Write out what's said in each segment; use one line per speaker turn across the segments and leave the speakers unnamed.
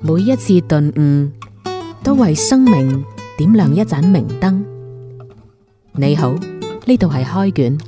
每一次頓悟，都為生命點亮一盞明燈。你好，呢度係開卷，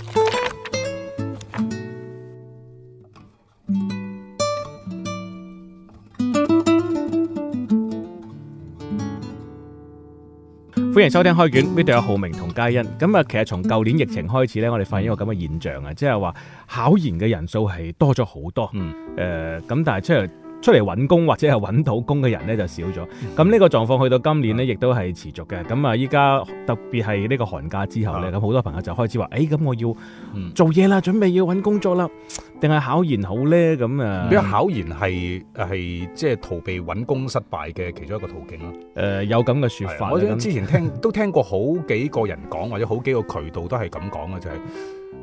歡迎收聽開卷。呢度有浩明同佳欣。咁啊，其實從舊年疫情開始呢，我哋發現一個咁嘅現象啊，即係話考研嘅人數係多咗好多。嗯，誒、呃，咁但係、就、出、是出嚟揾工或者係揾到工嘅人咧就少咗，咁呢個狀況去到今年呢，亦都係持續嘅，咁啊依家特別係呢個寒假之後咧，咁好多朋友就開始話、哎：，誒，咁我要做嘢啦，準備要揾工作啦，定係考研好咧？咁啊，比如
考研係係即係逃避揾工失敗嘅其中一個途徑咯。誒、呃，有咁嘅說法，我之前聽都聽過好幾個人講，或者好幾個渠道都係咁講嘅，就係、是、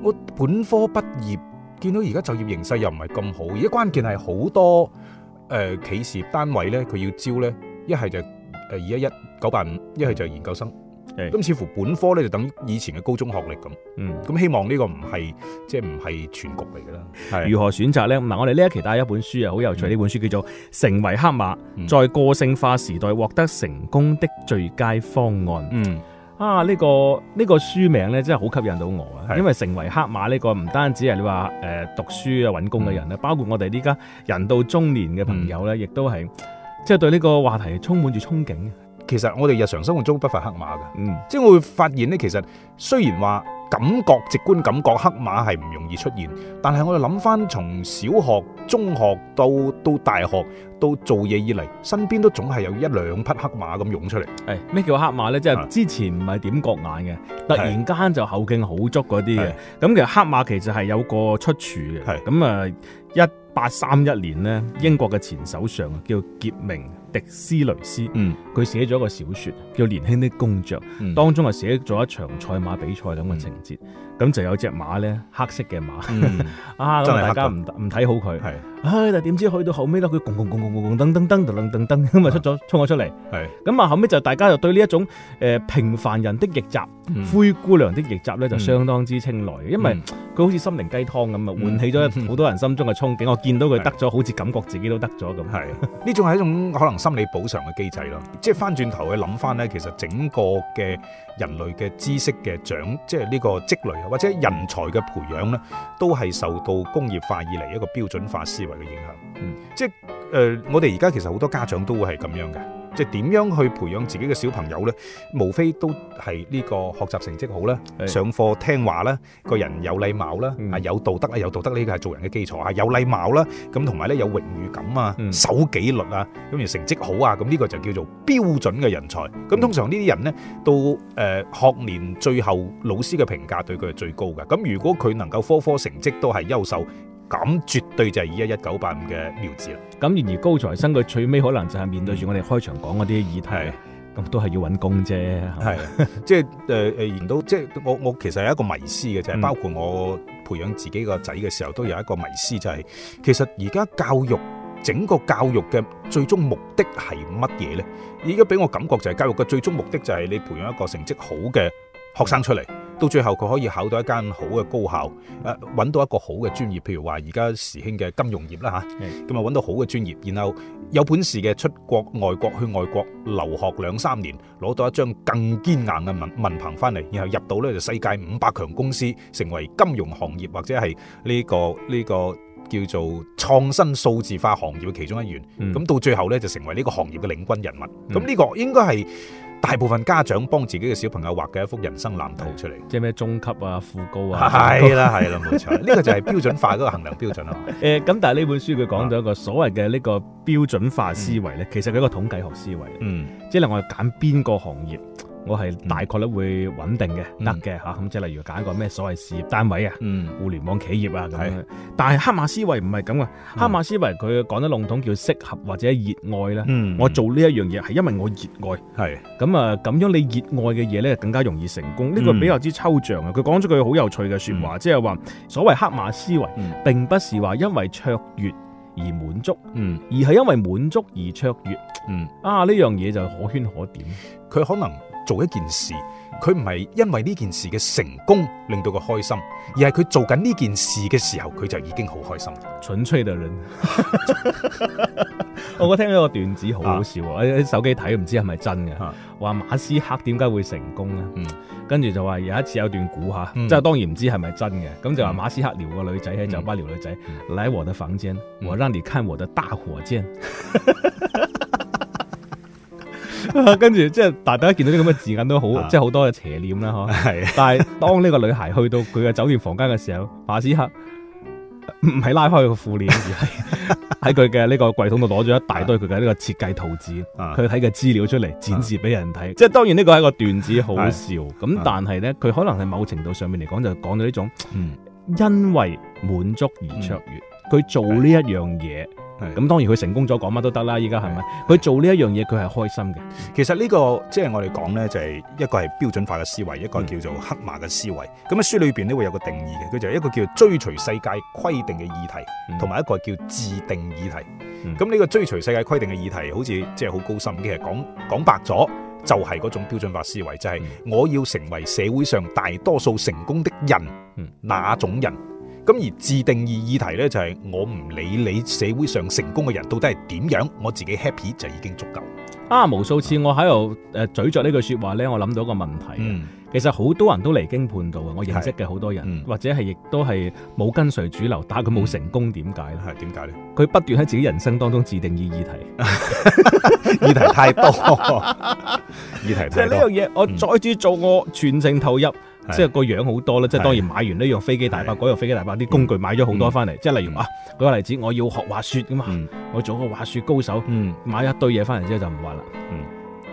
我本科畢業，見到而家就業形勢又唔係咁好，而家關鍵係好多。誒，企事業單位咧，佢要招咧，一係就誒二一一九八五，一係就係研究生，咁似乎本科咧就等於以前嘅高中學歷咁。嗯，咁希望呢個唔係即係唔係全局嚟噶啦。係如
何選擇咧？嗱，我哋呢一期睇一本書啊，好有趣，呢本書叫做《成為黑馬：在個性化時代獲得成功的最佳方案》。嗯。啊！呢、呢個呢、呢個書名咧，真係好吸引到我啊！的因為成為黑馬呢個唔單止係你話誒、呃、讀書啊、揾工嘅人咧，嗯、包括我哋呢家人到中年嘅朋
友咧，亦、嗯、都係即係對呢個話題充滿住憧憬。其實我哋日常生活中不乏黑馬噶，嗯，即係我會發現咧，其實雖然話。感覺直觀感覺黑馬係唔容易出現，但係我哋諗翻從小學、中學到到大學到做嘢以嚟，身邊都總係有一兩匹黑馬咁湧出嚟。誒，
咩叫黑馬呢？即係之前唔係點覺眼嘅，突然間就後勁好足嗰啲嘅。咁是其實黑馬其實係有個出處嘅。係咁啊，一八三一年呢，嗯、英國嘅前首相叫傑明。迪斯雷斯，佢寫咗一個小說叫《年輕的公爵》，嗯、當中啊寫咗一場賽馬比賽咁嘅情節，咁、嗯、就有隻馬咧，黑色嘅馬，嗯、 啊大家唔唔睇好佢，係是，唉、哎、但係點知去到後尾咧，佢拱拱拱拱拱噔噔噔就噔噔噔咁 了啊出咗衝咗出嚟，係是，咁啊後尾就大家就對呢一種誒、呃、平凡人的逆襲。嗯、灰姑娘的逆襲咧就相當之青睞，嗯、因為佢好
似心靈雞湯咁啊，喚起咗好多人心中嘅憧憬。嗯嗯、我見到佢得咗，是好似感覺自己都得咗咁。係，呢種係一種可能心理補償嘅機制咯。即係翻轉頭去諗翻咧，其實整個嘅人類嘅知識嘅長，即係呢個積累啊，或者人才嘅培養咧，都係受到工業化以嚟一個標準化思維嘅影響。即係誒，我哋而家其實好多家長都會係咁樣嘅。即係點樣去培養自己嘅小朋友咧？無非都係呢個學習成績好啦，上課聽話啦，個人有禮貌啦，啊有道德啦，有道德呢個係做人嘅基礎啊，有禮貌啦，咁同埋咧有榮譽感啊，守紀律啊，咁而成績好啊，咁呢個就叫做標準嘅人才。咁通常呢啲人咧，到誒學年最後，老師嘅評價對佢係最高嘅。咁如果佢能夠科科成績都係優秀。咁絕對就係以一一九八五嘅苗子啦。咁然而
高材生佢最尾可能就係面對住我哋開場講嗰啲議題，咁的都係要揾工啫。
係的 即係誒誒，到、呃、即係我我其實係一個迷思嘅就係。嗯、包括我培養自己個仔嘅時候，都有一個迷思就係、是，其實而家教育整個教育嘅最終目的係乜嘢咧？而家俾我感覺就係教育嘅最終目的就係你培養一個成績好嘅學生出嚟。嗯到最後佢可以考到一間好嘅高校，誒揾到一個好嘅專業，譬如話而家時興嘅金融業啦嚇，咁啊揾到好嘅專業，然後有本事嘅出國外國去外國留學兩三年，攞到一張更堅硬嘅文文憑翻嚟，然後入到呢，就世界五百強公司，成為金融行業或者係呢個呢個叫做創新數字化行業嘅其中一員。咁到最後呢，就成為呢個行業嘅領軍人物。咁呢、嗯、個應該係。大部分家長幫自己嘅小朋友畫嘅一幅人生藍圖出嚟，即係咩中級啊、副高啊，係啦係啦，冇錯，呢 個就係標準化嗰個衡量標準啊
呃。誒，咁但係呢本書佢講到一個所謂嘅呢個標準化思維咧，嗯、其實係一個統計學思維，嗯，即係我係揀邊個行業。我係大概率會穩定嘅，得嘅嚇咁，即係例如揀一個咩所謂事業單位啊，嗯，互聯網企業啊咁樣，但係黑馬思維唔係咁啊。黑馬思維佢講得籠統，叫適合或者熱愛咧，我做呢一樣嘢係因為我熱愛，係咁啊，咁樣你熱愛嘅嘢咧更加容易成功，呢個比較之抽象啊，佢講咗句好有趣嘅説話，即係話所謂黑馬思維並不是話因為卓越而滿足，嗯，而係因
為滿足而卓越，嗯，啊呢樣嘢就可圈可點，佢可能。做一件事，佢唔係因為呢件事嘅成功令到佢開心，而係佢做緊呢件事嘅時候，佢就已經好開心。蠢粹就係，
我我聽到個段子好好笑啊！手機睇，唔知係咪真嘅。話馬斯克點解會成功咧？跟住就話有一次有段古吓，即係當然唔知係咪真嘅，咁就話馬斯克撩個女仔喺酒吧撩女仔，嚟，喺我的房間，我讓你看我的大火箭。跟住，即係大家一見到啲咁嘅字眼都好，即係好多嘅邪念啦，嗬、啊。係。但係當呢個女孩去到佢嘅酒店房間嘅時候，馬斯克唔係拉開佢個褲鏈，而係喺佢嘅呢個櫃桶度攞咗一大堆佢嘅呢個設計圖紙，佢睇嘅資料出嚟展示俾人睇。即係、啊、當然呢個係一個段子，好笑。咁、啊、但係咧，佢可能係某程度上面嚟講，就講到呢種，嗯、因為滿足而卓越。佢、嗯、做呢一樣嘢。咁當然佢成功咗，講
乜都得啦。依家係咪？佢做呢一樣嘢，佢係開心嘅、嗯。其實呢、呢個即係我哋講呢，就係、是就是、一個係標準化嘅思維，一個叫做黑馬嘅思維。咁喺書裏邊呢會有個定義嘅，佢就係一個叫追隨世界規定嘅議題，同埋一個叫自定議題。咁呢個追隨世界規定嘅議題，好似即係好高深，其實講講白咗就係、是、嗰種標準化思維，就係、是、我要成為社會上大多數成功的人，嗯、哪種人？咁而自定義議題呢、就是，就係我唔理你社會上成功嘅人到底係點樣，我自己 happy 就已經足夠。啊，無數次我喺度誒咀嚼呢句說話呢，我
諗到一個問題。嗯、其實好多人都離經叛道，我認識嘅好多人，是或者係亦、嗯、都係冇跟隨主流，但佢冇成功，點解咧？點解呢，佢不斷喺自己人生當中自定義議題， 議題太多， 議題太多。即係呢樣嘢，嗯、我再次做我全程投入。即係個樣好多啦，即係當然買完呢樣飛機大炮，嗰樣飛機大炮啲工具買咗好多翻嚟。即係例如啊，舉個例子，我要學滑雪噶嘛，我做個滑雪高手，買一堆嘢翻嚟之後就唔玩啦。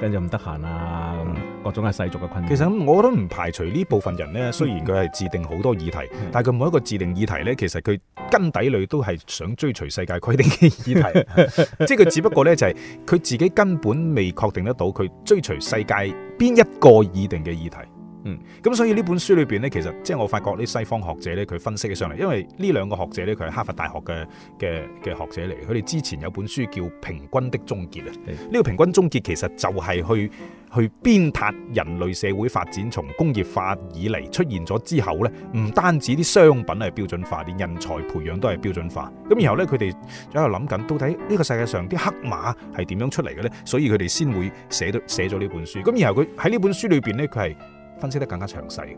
跟住唔得閒啦，各種係
世俗嘅困難。其實我都唔排除呢部分人呢，雖然佢係制定好多議題，但係佢每一個自定議題呢，其實佢根底裏都係想追隨世界規定嘅議題。即係佢只不過呢，就係佢自己根本未確定得到佢追隨世界邊一個議定嘅議題。嗯，咁所以呢本書裏邊呢，其實即係我發覺呢西方學者呢，佢分析咗上嚟，因為呢兩個學者呢，佢係哈佛大學嘅嘅嘅學者嚟，佢哋之前有一本書叫《平均的終結》啊。呢的個平均終結其實就係去去鞭撻人類社會發展，從工業化以嚟出現咗之後呢，唔單止啲商品咧係標準化，啲人才培養都係標準化。咁然後呢，佢哋就喺度諗緊到底呢個世界上啲黑馬係點樣出嚟嘅呢？所以佢哋先會寫到寫咗呢本書。咁然後佢喺呢本書裏邊呢，佢係分析得更加詳細，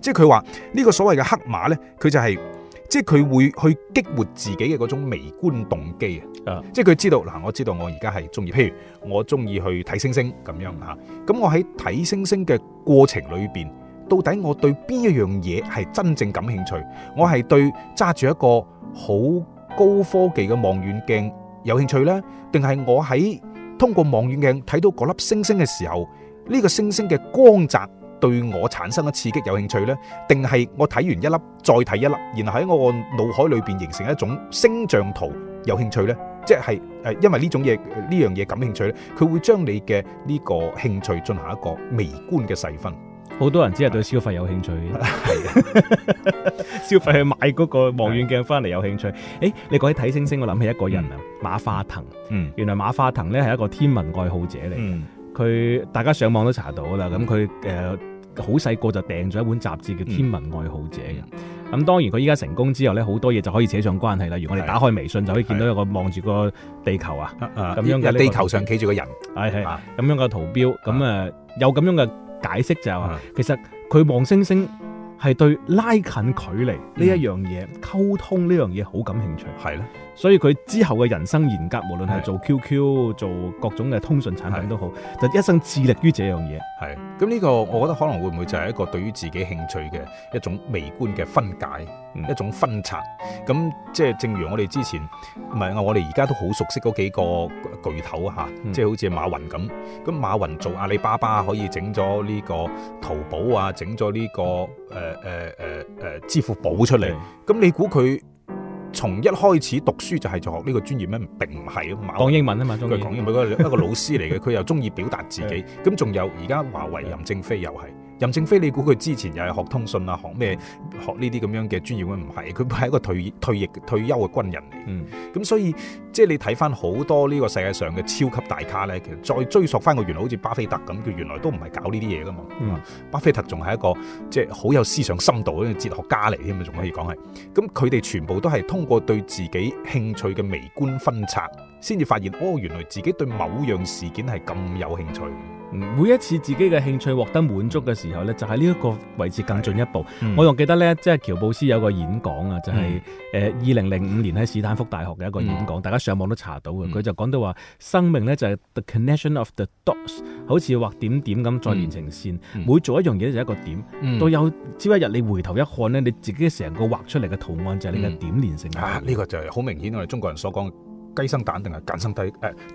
即係佢話呢個所謂嘅黑馬呢，佢就係，即係佢會去激活自己嘅嗰種微觀動機啊。即係佢知道嗱，我知道我而家係中意，譬如我中意去睇星星咁樣嚇。咁，啊，我喺睇星星嘅過程裏邊，到底我對邊一樣嘢係真正感興趣？我係對揸住一個好高科技嘅望遠鏡有興趣呢？定係我喺通過望遠鏡睇到嗰粒星星嘅時候，呢個星星嘅光澤，對我產生嘅刺激有興趣呢？定係我睇完一粒再睇一粒，然後喺我個腦海裏邊形成一種星象圖有興趣呢？即係因為呢種嘢呢樣嘢感興趣呢，佢會將你嘅呢個興趣進行一個微觀嘅細分。好多人只係對消費有興趣，消費去買
嗰個望遠鏡翻嚟有興趣。的誒，你講起睇星星，我諗起一個人啊，嗯、馬化騰。嗯、原來馬化騰呢係一個天文愛好者嚟、嗯佢大家上網都查到啦，咁佢誒好細個就訂咗一本雜誌嘅《天文愛好者》嘅、嗯。咁、嗯、當然佢依家成功之後咧，好多嘢就可以扯上關係啦。如果我哋打開微信就可以見到一個望住個地球啊，咁、啊、樣嘅地球上企住個人，係咁、啊、樣嘅圖標。咁誒、啊啊、有咁樣嘅解釋就係話，啊、其實佢望星星係對拉近距離呢一樣嘢、的溝通呢樣嘢好感興趣，係啦。所以佢之後嘅人生嚴格，無論係做
QQ 的、做各種嘅通訊產品都好，的就一生致力於這樣嘢。係。咁呢個，我覺得可能會唔會就係一個對於自己興趣嘅一種微觀嘅分解，嗯、一種分拆。咁即係正如我哋之前，唔係我哋而家都好熟悉嗰幾個巨頭嚇，嗯、即係好似馬雲咁。咁馬雲做阿里巴巴可以整咗呢個淘寶啊，整咗呢個誒誒誒誒支付寶出嚟。咁的你估佢？從一開始讀書就係就學呢個專業咩？並唔係啊，講英文啊嘛，佢講英文，佢一個老師嚟嘅，佢 又中意表達自己，咁仲 有而家華為任正非又係。任正非，你估佢之前又係學通訊啊，學咩學呢啲咁樣嘅專業？佢唔係，佢係一個退退役退休嘅軍人嚟。嗯，咁所以即係、就是、你睇翻好多呢個世界上嘅超級大咖咧，其實再追溯翻個原來，好似巴菲特咁，佢原來都唔係搞呢啲嘢噶嘛。嗯，巴菲特仲係一個即係好有思想深度嘅哲學家嚟添，仲可以講係。咁佢哋全部都係通過對自己興趣嘅微觀分拆，先至發現哦，原來自己對某樣事件係咁有興趣。每一次自己嘅興趣獲得
滿足嘅時候咧，就喺呢一個位置更進一步。嗯、我仲記得咧，即係喬布斯有個演講啊，就係誒二零零五年喺斯坦福大學嘅一個演講，嗯、大家上網都查到嘅。佢、嗯、就講到話，生命咧就係、是、the connection of the dots，好似畫點點咁再連成線。嗯、
每做一樣嘢就是一個點，到、嗯、有朝一日你回頭一看咧，你自己成個畫出嚟嘅圖案就係你嘅點連成線、嗯。啊，呢、這個就係好明顯，我哋中國人所講，雞生蛋定係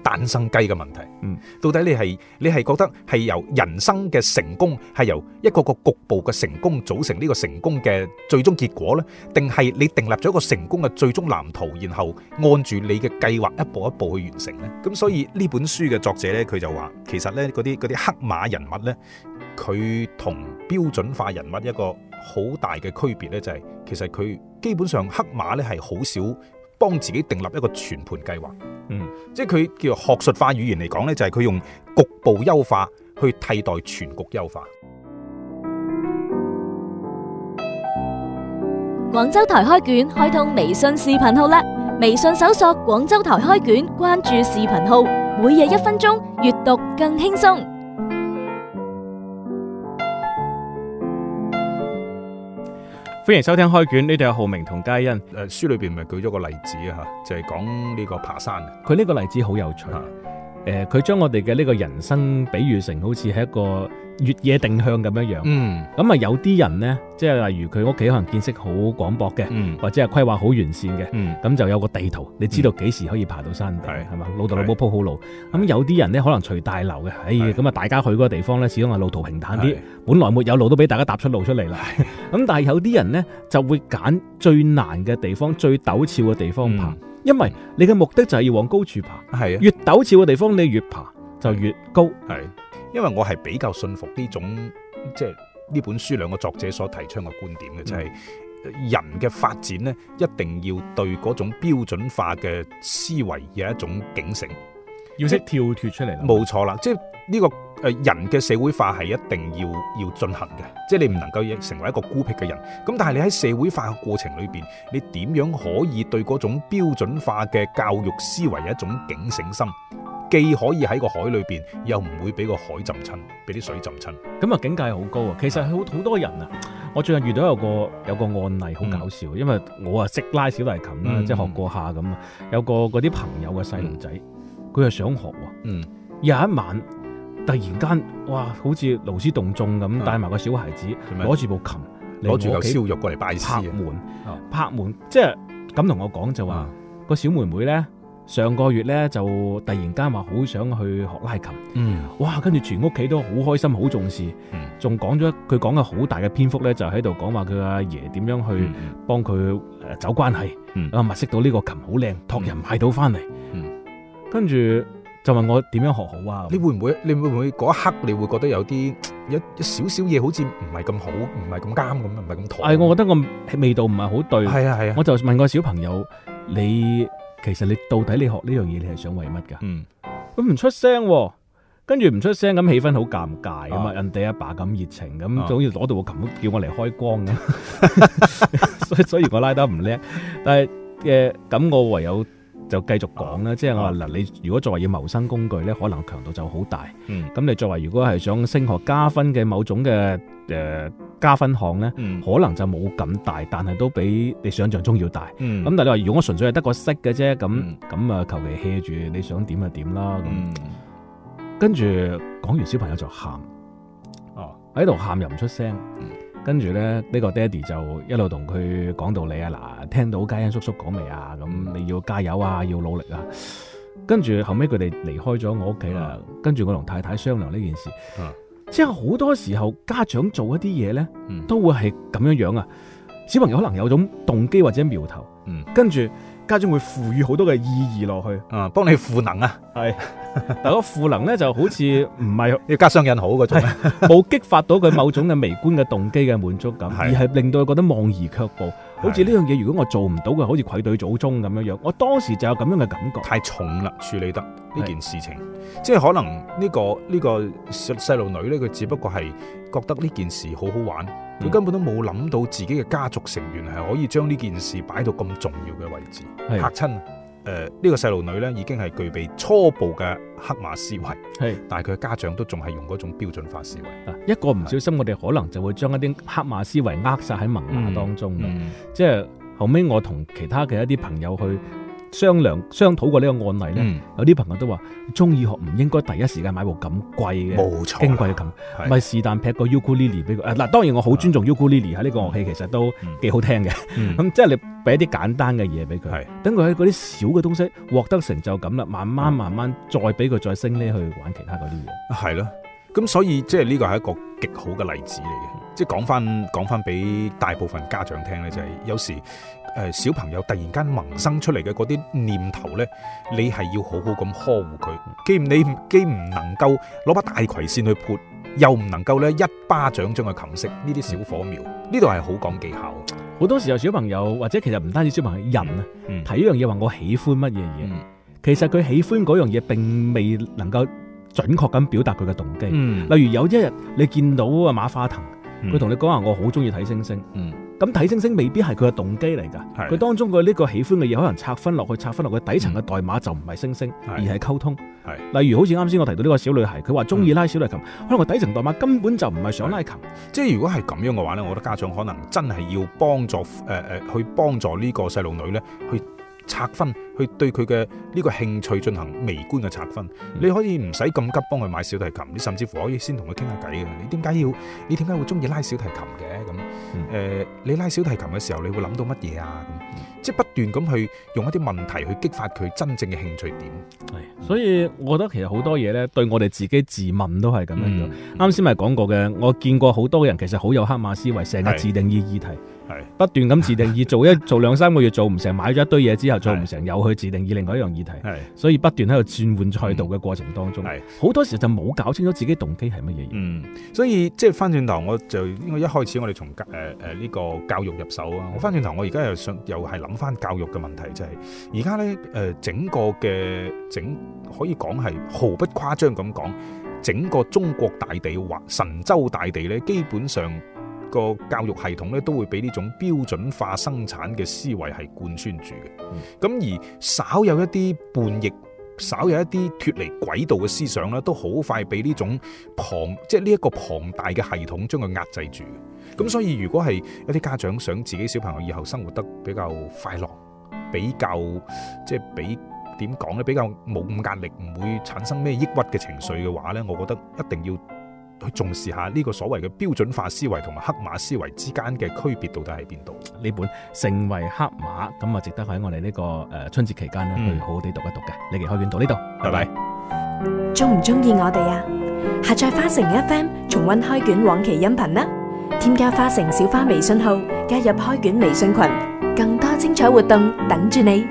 蛋生雞嘅問題？嗯，到底你係你係覺得係由人生嘅成功係由一個個局部嘅成功組成呢個成功嘅最終結果呢？定係你訂立咗一個成功嘅最終藍圖，然後按住你嘅計劃一步一步去完成呢？咁所以呢本書嘅作者呢，佢就話其實呢嗰啲嗰啲黑馬人物呢，佢同標準化人物一個好大嘅區別呢，就係、是、其實佢基本上黑馬呢係好少。幫自己訂立一個全盤計劃，嗯，即係佢叫做學術化語言嚟講呢，就係、是、佢用局部優化去替代全局優化。廣州台開卷開通微信視頻號啦，微信搜索廣州台開卷，關注視頻號，每日一分鐘，閱讀更輕鬆。
歡迎收聽開卷，呢度有浩明同嘉欣。誒，書裏邊咪舉咗個例子啊，就係講呢個爬山。佢呢個例子好有趣。誒，佢將我哋嘅呢個人生比喻成好似係一個越野定向咁樣樣。嗯，咁啊有啲人呢，即係例如佢屋企可能見識好廣博嘅，或者係規劃好完善嘅，咁就有個地圖，你知道幾時可以爬到山頂，係嘛？老豆老母鋪好路。咁有啲人呢，可能隨大流嘅，哎咁啊大家去嗰個地方呢，始終係路途平坦啲，本來沒有路都俾大家踏出路出嚟啦。咁但係有啲人呢，就會揀最難嘅地方、最陡峭嘅地方爬。因為你嘅目的就係要往高處爬，係啊、嗯，越
陡峭嘅地方你越爬就越高。係、嗯，因為我係比較信服呢種即係呢本書兩個作者所提倡嘅觀點嘅，就係、是、人嘅發展咧，一定要對嗰種標準化嘅思維有一種警醒，要識跳脫出嚟。冇錯啦，即係。呢、這個誒、呃、人嘅社會化係一定要要進行嘅，即係你唔能夠成為一個孤僻嘅人。咁但係你喺社會化嘅過程裏邊，你點樣可以對嗰種標準化嘅教育思維有一種警醒心？既可以喺個海裏邊，又唔會俾個海浸親，俾啲水浸親。咁啊
境界好高啊！其實好好多人啊，我最近遇到有個有個案例好搞笑，嗯、因為我啊識拉小提琴啦，嗯、即係學過下咁啊。有個嗰啲朋友嘅細路仔，佢係、嗯、想學喎。嗯，有一晚。突然間，哇，好似勞師動眾咁，帶埋個小孩子，攞住、嗯、部琴，攞住嚿燒肉過嚟拜師啊！拍門，嗯、拍門，即係咁同我講就話個、嗯、小妹妹咧，上個月咧就突然間話好想去學拉琴，嗯，哇，跟住全屋企都好開心，好重視，仲講咗佢講嘅好大嘅篇幅咧，就喺度講話佢阿爺點樣去幫佢走關係、嗯，嗯，啊，物色到呢個琴好靚，託人買到翻嚟，嗯，跟住。就問我點樣學好
啊？你會唔會？你會唔會嗰一刻你會覺得有啲有少少嘢好似唔係咁好，唔係咁啱咁，唔係咁妥？
係、哎，我覺得我味道唔係好對。係啊係啊。啊我就問個小朋友，你其實你到底你學呢樣嘢，你係想為乜噶？嗯，佢唔出聲、啊，跟住唔出聲，咁氣氛好尷尬啊嘛！啊人哋阿爸咁熱情，咁好似攞到個琴叫我嚟開光咁。 所以，所以我拉得唔叻，但係嘅咁，呃、我唯有。就繼續講啦，即係我話嗱，你如果作為要謀生工具咧，可能強度就好大。咁、嗯、你作為如果係想升學加分嘅某種嘅誒、呃、加分項咧，嗯、可能就冇咁大，但係都比你想象中要大。咁、嗯、但係你話如果純粹係得個識嘅啫，咁咁啊求其 hea 住你想點就點啦。咁、嗯、跟住講完小朋友就喊，哦喺度喊又唔出聲。嗯跟住咧，呢、這個爹 y 就一路同佢講道理啊！嗱，聽到嘉欣叔叔講未啊？咁你要加油啊，要努力啊！跟住後尾，佢哋離開咗我屋企啦。跟住我同太太商量呢件事，啊、即係好多時候家長做一啲嘢呢，嗯、都會係咁樣樣啊！小朋友可能有種動機或者苗頭，嗯、跟住家長會賦予好多嘅意義落去，啊、嗯，幫你賦能啊，係。嗱，個賦 能咧就好似唔係要加雙引號嗰種，冇激發到佢某種嘅微觀嘅動機嘅滿足感，而係令到佢覺得望而卻步。好似呢樣嘢，如果
我做唔到嘅，好似愧對祖宗咁樣樣。我當時就有咁樣嘅感覺，太重啦，處理得呢件事情，的即係可能呢、呢個呢、呢個細路女咧，佢只不過係覺得呢件事好好玩，佢根本都冇諗到自己嘅家族成員係可以將呢件事擺到咁重要嘅位置，嚇親。誒，呢、呃，這個細路女咧已經係具備初步嘅黑馬思維，係是，但係佢家長都仲係用嗰種標準化思維，啊。一個唔
小心，我哋可能就會將一啲黑馬思維扼殺喺萌芽當中，嗯嗯，即係後尾，我同其他嘅一啲朋友去。商量、商討過呢個案例咧，嗯、有啲朋友都話：中意學，唔應該第一時間買部咁貴嘅，冇錯，矜貴嘅琴，咪是但劈個尤克里里俾佢。嗱、啊，當然我好尊重尤克里里喺呢個樂器，其實都幾好聽嘅。咁即係你俾一啲簡單嘅嘢俾佢，等佢喺嗰啲小嘅東西獲得成就感啦，慢慢、慢慢再俾佢、嗯、再升呢，去玩其他嗰啲嘢。
係咯，咁所以即係呢個係一個，極好嘅例子嚟嘅，即係講翻講翻俾大部分家長聽咧，就係、是、有時誒小朋友突然間萌生出嚟嘅嗰啲念頭咧，你係要好好咁呵護佢，既唔你既唔能夠攞把大葵扇去潑，又唔能夠咧一巴掌將佢冚熄，呢啲小火苗呢度係好講技巧。好多時候小朋友或者其
實唔單止小朋友，人啊，睇樣嘢話我喜歡乜嘢嘢，嗯、其實佢喜歡嗰樣嘢，並未能夠。準確咁表達佢嘅動機，嗯、例如有一日你見到阿馬化騰，佢同、嗯、你講話我好中意睇星星，咁睇、嗯、星星未必係佢嘅動機嚟㗎，佢的當中佢呢個喜歡嘅嘢可能拆分落去，拆分落去底層嘅代碼就唔係星星，係的而係溝通。
的例如好似啱先我提到呢個小女孩，佢話中意拉小提琴，嗯、可能個底層代碼根本就唔係想拉琴，即係如果係咁樣嘅話咧，我覺得家長可能真係要幫助誒誒去幫助呢個細路女咧去拆分。去對佢嘅呢個興趣進行微觀嘅拆分，你可以唔使咁急幫佢買小提琴，你甚至乎可以先同佢傾下偈嘅。你點解要？你點解會中意拉小提琴嘅？咁誒、嗯呃，你拉小提琴嘅時候，你會諗到乜嘢啊？嗯、即係不斷咁去用一啲問題去激發佢真正嘅興趣點。所以
我覺得其實好多嘢呢，對我哋自己自問都係咁樣。啱先咪講過嘅，我見過好多人其實好有黑馬思維，成日自定義議題，係不斷咁自定義做一做兩三個月做唔成，買咗一堆嘢之後做唔成，又去，去自定義另外一樣議題，係，所以不斷喺度轉換
賽道嘅過程當中，係好、嗯、多時就冇搞清楚自己動機係乜嘢。嗯，所以即係翻轉頭，我就應該一開始我哋從誒誒呢個教育入手啊。我翻轉頭，我而家又想又係諗翻教育嘅問題，就係而家咧誒整個嘅整可以講係毫不誇張咁講，整個中國大地或神州大地咧，基本上。個教育系統咧都會俾呢種標準化生產嘅思維係貫穿住嘅，咁、嗯、而稍有一啲叛逆、稍有一啲脫離軌道嘅思想咧，都好快俾呢種龐即係呢一個龐大嘅系統將佢壓制住。咁、嗯、所以如果係一啲家長想自己小朋友以後生活得比較快樂、比較即係、就是、比點講咧比較冇咁壓力，唔會產生咩抑鬱嘅情緒嘅話咧，我覺得一定要。去重視下呢個所謂嘅標準化思維同埋黑馬思維之間嘅區別到底喺邊度？呢本《成為黑
馬》咁啊，值得喺我哋呢個誒春節期間咧去好好地讀一讀嘅。你哋、嗯、開卷讀到呢度，拜拜。
中唔中意我哋啊？下載花城 FM 重溫開卷往期音頻啦！添加花城小花微信號，加入開卷微信群，更多精彩活動等住你。